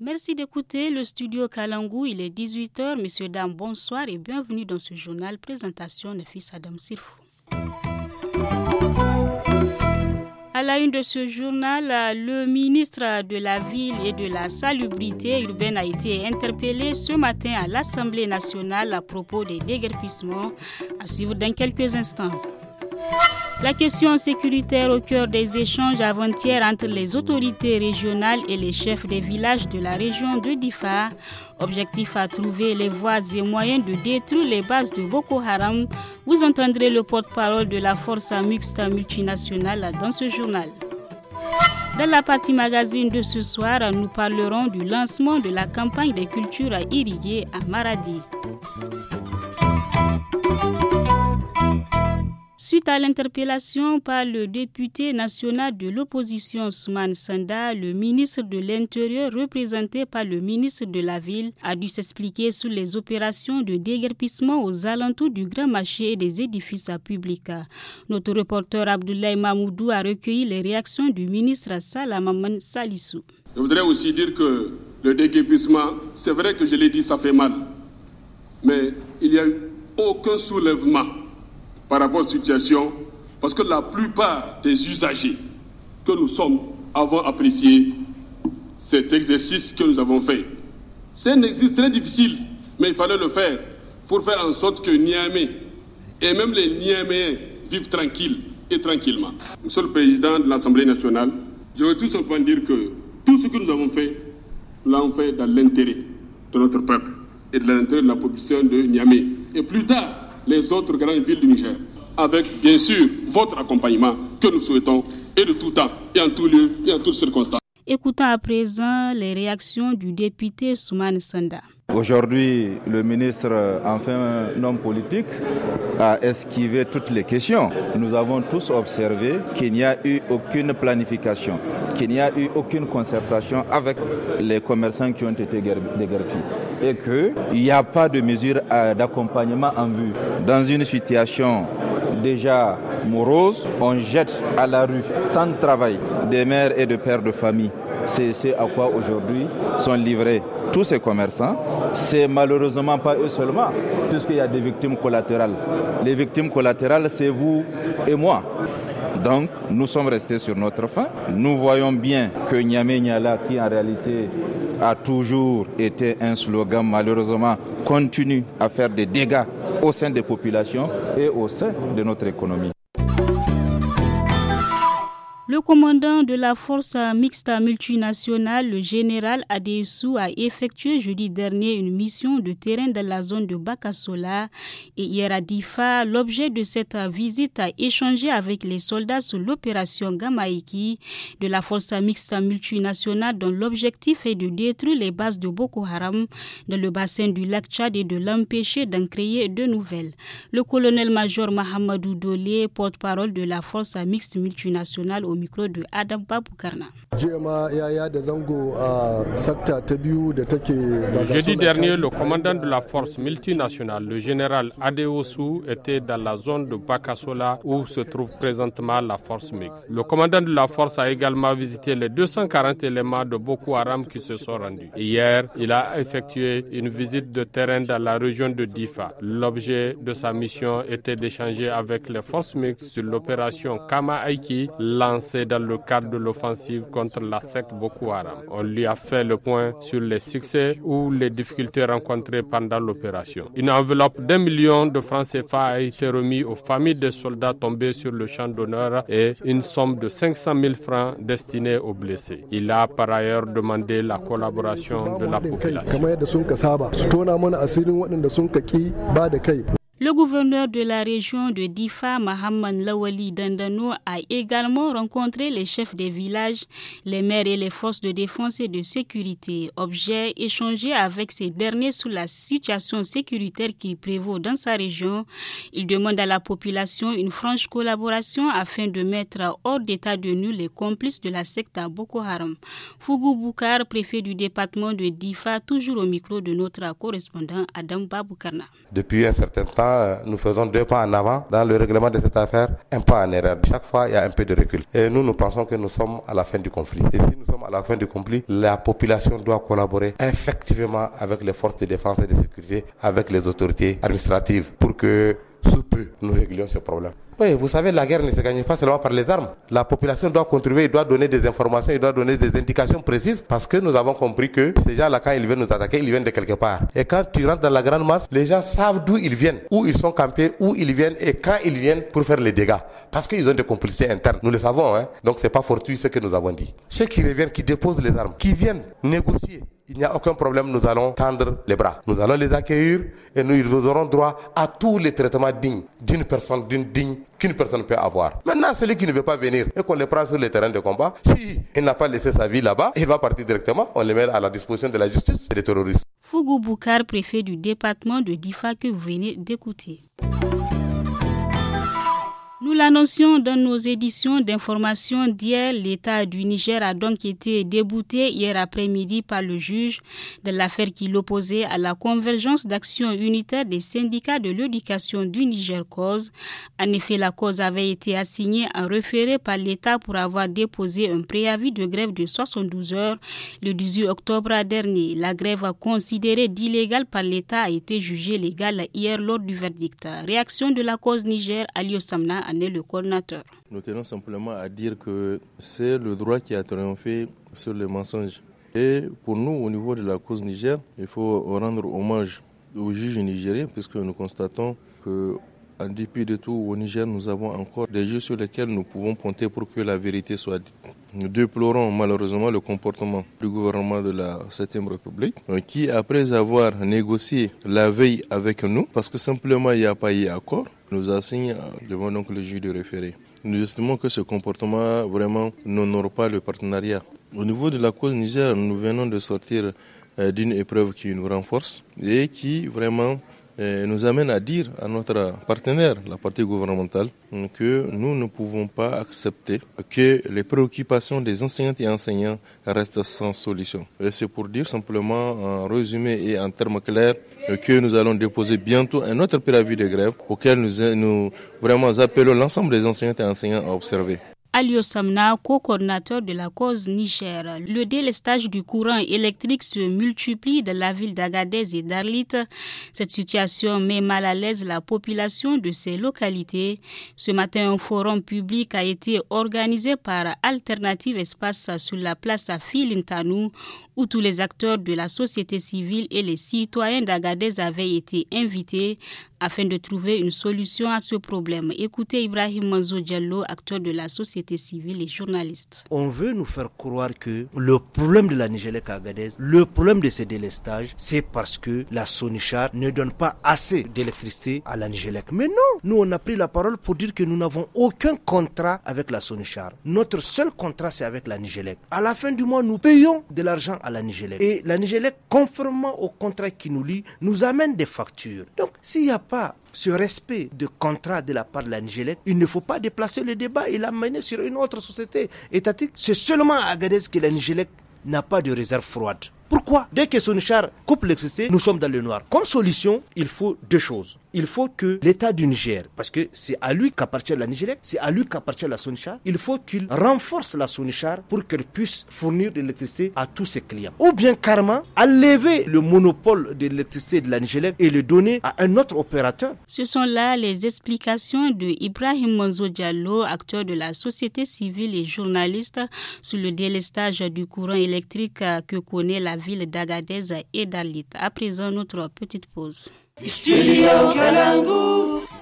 Merci d'écouter le studio Kalangou. Il est 18h. Messieurs, dames, bonsoir et bienvenue dans ce journal Présentation de fils Adam Sirfou. À la une de ce journal, le ministre de la Ville et de la Salubrité urbaine a été interpellé ce matin à l'Assemblée nationale à propos des déguerpissements. À suivre dans quelques instants. La question sécuritaire au cœur des échanges avant-hier entre les autorités régionales et les chefs des villages de la région de Difa. Objectif à trouver les voies et moyens de détruire les bases de Boko Haram. Vous entendrez le porte-parole de la force mixte multinationale dans ce journal. Dans la partie magazine de ce soir, nous parlerons du lancement de la campagne des cultures à irriguer à Maradi. Suite à l'interpellation par le député national de l'opposition Ousmane Sanda, le ministre de l'Intérieur, représenté par le ministre de la Ville, a dû s'expliquer sur les opérations de déguerpissement aux alentours du Grand Marché et des édifices à Publica. Notre reporter Abdoulaye Mamoudou a recueilli les réactions du ministre Salamaman Salissou. Je voudrais aussi dire que le déguerpissement, c'est vrai que je l'ai dit, ça fait mal, mais il n'y a eu aucun soulèvement par rapport à cette situation, parce que la plupart des usagers que nous sommes avons apprécié cet exercice que nous avons fait. C'est un exercice très difficile, mais il fallait le faire pour faire en sorte que Niamey et même les Niaméens vivent tranquilles et tranquillement. Monsieur le Président de l'Assemblée nationale, je veux tout simplement dire que tout ce que nous avons fait, nous l'avons fait dans l'intérêt de notre peuple et de l'intérêt de la population de Niamey. Et plus tard, les autres grandes villes du Niger, avec bien sûr votre accompagnement que nous souhaitons et de tout temps et en tout lieu et en toutes circonstances. Écoutons à présent les réactions du député Soumane Sanda. Aujourd'hui, le ministre, enfin un homme politique, a esquivé toutes les questions. Nous avons tous observé qu'il n'y a eu aucune planification, qu'il n'y a eu aucune concertation avec les commerçants qui ont été déguerpis et qu'il n'y a pas de mesures euh, d'accompagnement en vue. Dans une situation déjà morose, on jette à la rue sans travail des mères et des pères de famille. C'est à quoi aujourd'hui sont livrés tous ces commerçants. C'est malheureusement pas eux seulement, puisqu'il y a des victimes collatérales. Les victimes collatérales, c'est vous et moi. Donc, nous sommes restés sur notre faim. Nous voyons bien que Niamey Niala, qui en réalité a toujours été un slogan malheureusement continue à faire des dégâts au sein des populations et au sein de notre économie. Le commandant de la force mixte multinationale, le général Adesu, a effectué jeudi dernier une mission de terrain dans la zone de Bakassola et hier à Difa. L'objet de cette visite a échangé avec les soldats sur l'opération Gamaiki de la force mixte multinationale dont l'objectif est de détruire les bases de Boko Haram dans le bassin du lac Tchad et de l'empêcher d'en créer de nouvelles. Le colonel-major Mahamadou Dolé, porte-parole de la force mixte multinationale au Adam jeudi dernier, le commandant de la force multinationale, le général Adeosu, était dans la zone de Bakasola où se trouve présentement la force mixte. Le commandant de la force a également visité les 240 éléments de Boko Haram qui se sont rendus. Hier, il a effectué une visite de terrain dans la région de Difa. L'objet de sa mission était d'échanger avec les forces mixtes sur l'opération Kama Aiki lancée dans le cadre de l'offensive contre la secte Boko Haram. On lui a fait le point sur les succès ou les difficultés rencontrées pendant l'opération. Une enveloppe d'un million de francs CFA a été remise aux familles des soldats tombés sur le champ d'honneur et une somme de 500 000 francs destinée aux blessés. Il a par ailleurs demandé la collaboration de la population. Le gouverneur de la région de Difa, Mohamed Lawali Dandano, a également rencontré les chefs des villages, les maires et les forces de défense et de sécurité. Objet échangé avec ces derniers sur la situation sécuritaire qui prévaut dans sa région. Il demande à la population une franche collaboration afin de mettre hors d'état de nuit les complices de la secte à Boko Haram. Fougou Boukar, préfet du département de Difa, toujours au micro de notre correspondant Adam Baboukarna. Depuis un certain temps, euh, nous faisons deux pas en avant dans le règlement de cette affaire, un pas en erreur. Chaque fois, il y a un peu de recul. Et nous, nous pensons que nous sommes à la fin du conflit. Et si nous sommes à la fin du conflit, la population doit collaborer effectivement avec les forces de défense et de sécurité, avec les autorités administratives pour que nous réglions ce problème. Oui, vous savez, la guerre ne se gagne pas seulement par les armes. La population doit contribuer, il doit donner des informations, il doit donner des indications précises parce que nous avons compris que ces gens-là, quand ils viennent nous attaquer, ils viennent de quelque part. Et quand tu rentres dans la grande masse, les gens savent d'où ils viennent, où ils sont campés, où ils viennent et quand ils viennent pour faire les dégâts. Parce qu'ils ont des complicités internes. Nous le savons, hein. Donc c'est pas fortuit ce que nous avons dit. Ceux qui reviennent, qui déposent les armes, qui viennent négocier, il n'y a aucun problème, nous allons tendre les bras. Nous allons les accueillir et nous, ils auront droit à tous les traitements dignes d'une personne, d'une digne qu'une personne peut avoir. Maintenant, celui qui ne veut pas venir et qu'on le prend sur le terrain de combat, si il n'a pas laissé sa vie là-bas, il va partir directement, on le met à la disposition de la justice et des terroristes. Fougou Boukar, préfet du département de Difa que vous venez d'écouter la notion dans nos éditions d'information d'hier. L'État du Niger a donc été débouté hier après-midi par le juge de l'affaire qui l'opposait à la convergence d'action unitaire des syndicats de l'éducation du Niger Cause. En effet, la cause avait été assignée en référé par l'État pour avoir déposé un préavis de grève de 72 heures le 18 octobre dernier. La grève considérée d'illégale par l'État a été jugée légale hier lors du verdict. Réaction de la cause Niger, Alio Samna, le coordinateur. Nous tenons simplement à dire que c'est le droit qui a triomphé sur les mensonges. Et pour nous, au niveau de la cause Niger, il faut rendre hommage aux juges nigériens, puisque nous constatons que en dépit de tout, au Niger, nous avons encore des juges sur lesquels nous pouvons compter pour que la vérité soit dite. Nous déplorons malheureusement le comportement du gouvernement de la 7e République, euh, qui, après avoir négocié la veille avec nous, parce que simplement il n'y a pas eu accord, nous assigne devant donc le juge de référé. Nous estimons que ce comportement vraiment n'honore pas le partenariat. Au niveau de la cause Niger, nous venons de sortir euh, d'une épreuve qui nous renforce et qui vraiment nous amène à dire à notre partenaire, la partie gouvernementale, que nous ne pouvons pas accepter que les préoccupations des enseignants et enseignants restent sans solution. C'est pour dire simplement en résumé et en termes clairs que nous allons déposer bientôt un autre préavis de grève auquel nous, nous vraiment appelons l'ensemble des enseignants et enseignants à observer. Alio Samna, co-coordinateur de la cause Niger. Le délestage du courant électrique se multiplie dans la ville d'Agadez et d'Arlit. Cette situation met mal à l'aise la population de ces localités. Ce matin, un forum public a été organisé par Alternative Espace sur la place à Filintanou, où tous les acteurs de la société civile et les citoyens d'Agadez avaient été invités afin de trouver une solution à ce problème. Écoutez Ibrahim Manzo Diallo, acteur de la société civile, et journalistes. On veut nous faire croire que le problème de la Nigélec Agadez, le problème de ces délestages, c'est parce que la Sonichar ne donne pas assez d'électricité à la Nigélec. Mais non, nous on a pris la parole pour dire que nous n'avons aucun contrat avec la Sonichar. Notre seul contrat c'est avec la Nigélec. À la fin du mois, nous payons de l'argent à la Nigélec. Et la Nigélec, conformément au contrat qui nous lie, nous amène des factures. Donc s'il n'y a pas ce respect de contrat de la part de l'Angélette, il ne faut pas déplacer le débat et l'amener sur une autre société étatique. C'est seulement à Agadez que l'Angélette n'a pas de réserve froide. Pourquoi Dès que Sonichar coupe l'électricité, nous sommes dans le noir. Comme solution, il faut deux choses. Il faut que l'État du Niger, parce que c'est à lui qu'appartient la Nigélec, c'est à lui qu'appartient la Sonichar, il faut qu'il renforce la Sonichar pour qu'elle puisse fournir l'électricité à tous ses clients. Ou bien carrément, enlever le monopole de l'électricité de la Nigélec et le donner à un autre opérateur. Ce sont là les explications de Ibrahim Monzo Diallo, acteur de la société civile et journaliste, sur le délestage du courant électrique que connaît la ville d'Agadez et d'Alit. À présent, notre petite pause. Studio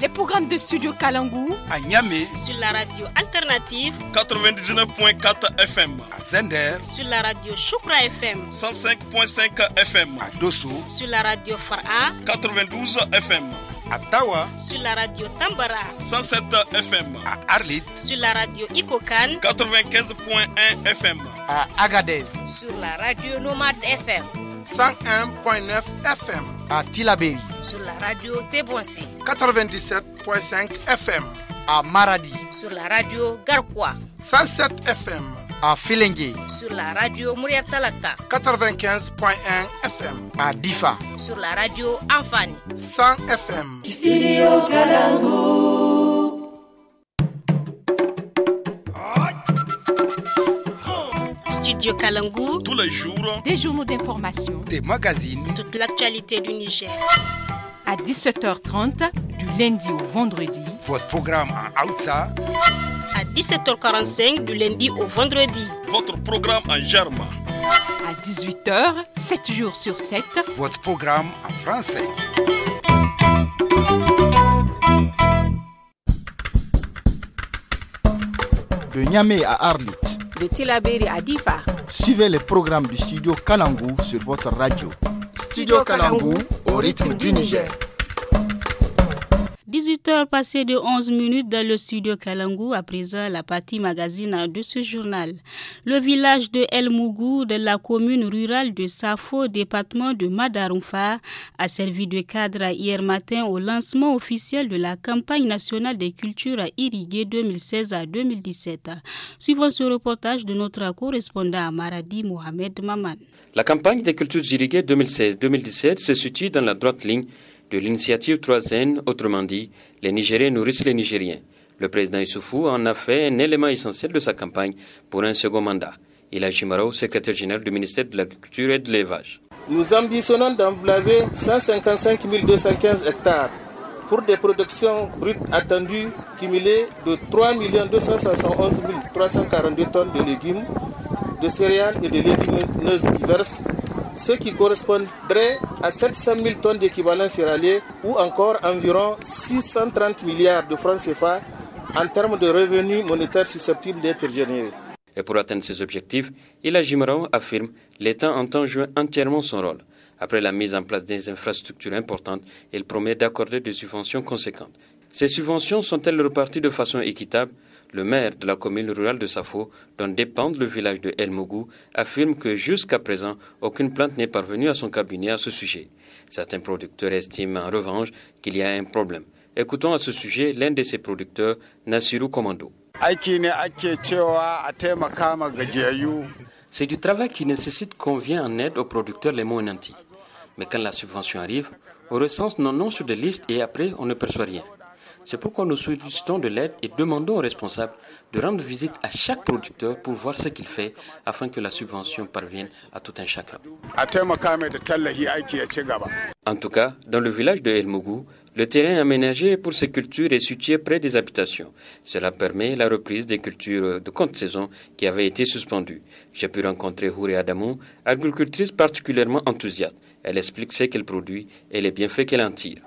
Les programmes de Studio Kalangu à Niamey sur la radio alternative 99.4 FM à Zender sur la radio Choukra FM 105.5 FM à Dosso sur la radio Fara 92 FM à Tawa sur la radio Tambara 107 FM à Arlit sur la radio Ipokan. 95.1 FM à Agadez. Sur la radio Nomade FM. 101.9 FM à Tilabéri. Sur la radio Tebonsi 97.5 FM à Maradi. Sur la radio Garkwa. 107 FM à Filengue. Sur la radio Mouriatalata 95.1 FM à Difa. Sur la radio Anfani. 100 FM. Studio Kalangu. Radio Tous les jours. Des journaux d'information. Des magazines. Toute l'actualité du Niger. À 17h30, du lundi au vendredi. Votre programme en Aoussa. À 17h45, du lundi au vendredi. Votre programme en Germain. À 18h, 7 jours sur 7. Votre programme en français. De Niamey à Arlit. De Tilaberi à Difa Suivez le programme du studio Kalangu sur votre radio. Studio Kalangu, au rythme du Niger. 18h passées de 11 minutes dans le studio Kalangou, à présent la partie magazine de ce journal. Le village de El Mougou, de la commune rurale de Safo, département de Madarumfa, a servi de cadre hier matin au lancement officiel de la campagne nationale des cultures irriguées 2016 à 2017. Suivant ce reportage de notre correspondant à Maradi, Mohamed Maman. La campagne des cultures irriguées 2016-2017 se situe dans la droite ligne de l'initiative 3N, autrement dit, les Nigériens nourrissent les Nigériens. Le président Issoufou en a fait un élément essentiel de sa campagne pour un second mandat. Il a Jimaro, secrétaire général du ministère de l'Agriculture et de l'Élevage. Nous ambitionnons d'enblaver 155 215 hectares pour des productions brutes attendues cumulées de 3 271 342 tonnes de légumes, de céréales et de légumineuses diverses ce qui correspondrait à 700 000 tonnes d'équivalent céréalier ou encore environ 630 milliards de francs CFA en termes de revenus monétaires susceptibles d'être générés. Et pour atteindre ces objectifs, Ila Jimarao affirme l'État entend jouer entièrement son rôle. Après la mise en place des infrastructures importantes, il promet d'accorder des subventions conséquentes. Ces subventions sont-elles reparties de façon équitable le maire de la commune rurale de Safo, dont dépend le village de El Mogu, affirme que jusqu'à présent, aucune plainte n'est parvenue à son cabinet à ce sujet. Certains producteurs estiment en revanche qu'il y a un problème. Écoutons à ce sujet l'un de ces producteurs, Nassirou Komando. C'est du travail qui nécessite qu'on vienne en aide aux producteurs les nantis. Mais quand la subvention arrive, on recense nos noms sur des listes et après on ne perçoit rien. C'est pourquoi nous souhaitons de l'aide et demandons aux responsables de rendre visite à chaque producteur pour voir ce qu'il fait afin que la subvention parvienne à tout un chacun. En tout cas, dans le village de El le terrain aménagé pour ces cultures est situé près des habitations. Cela permet la reprise des cultures de compte-saison qui avaient été suspendues. J'ai pu rencontrer Houré Adamou, agricultrice particulièrement enthousiaste. Elle explique ce qu'elle produit et les bienfaits qu'elle en tire.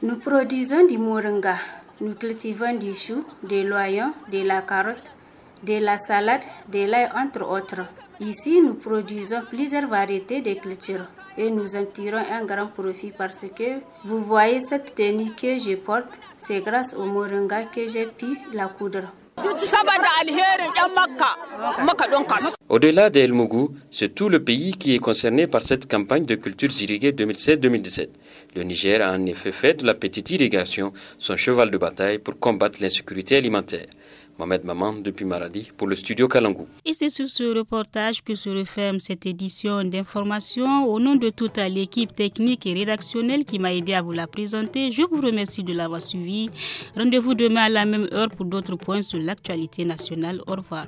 Nous produisons du moringa. Nous cultivons du chou, des l'oignon, de la carotte, de la salade, de l'ail, entre autres. Ici, nous produisons plusieurs variétés de cultures et nous en tirons un grand profit parce que vous voyez cette tenue que je porte, c'est grâce au moringa que j'ai pu la coudre. Au-delà d'El Mougou, c'est tout le pays qui est concerné par cette campagne de cultures irriguées 2007 2017 Le Niger a en effet fait de la petite irrigation son cheval de bataille pour combattre l'insécurité alimentaire. Mohamed Maman depuis Maradi pour le studio Kalangou. Et c'est sur ce reportage que se referme cette édition d'information. Au nom de toute l'équipe technique et rédactionnelle qui m'a aidé à vous la présenter, je vous remercie de l'avoir suivi. Rendez-vous demain à la même heure pour d'autres points sur l'actualité nationale. Au revoir.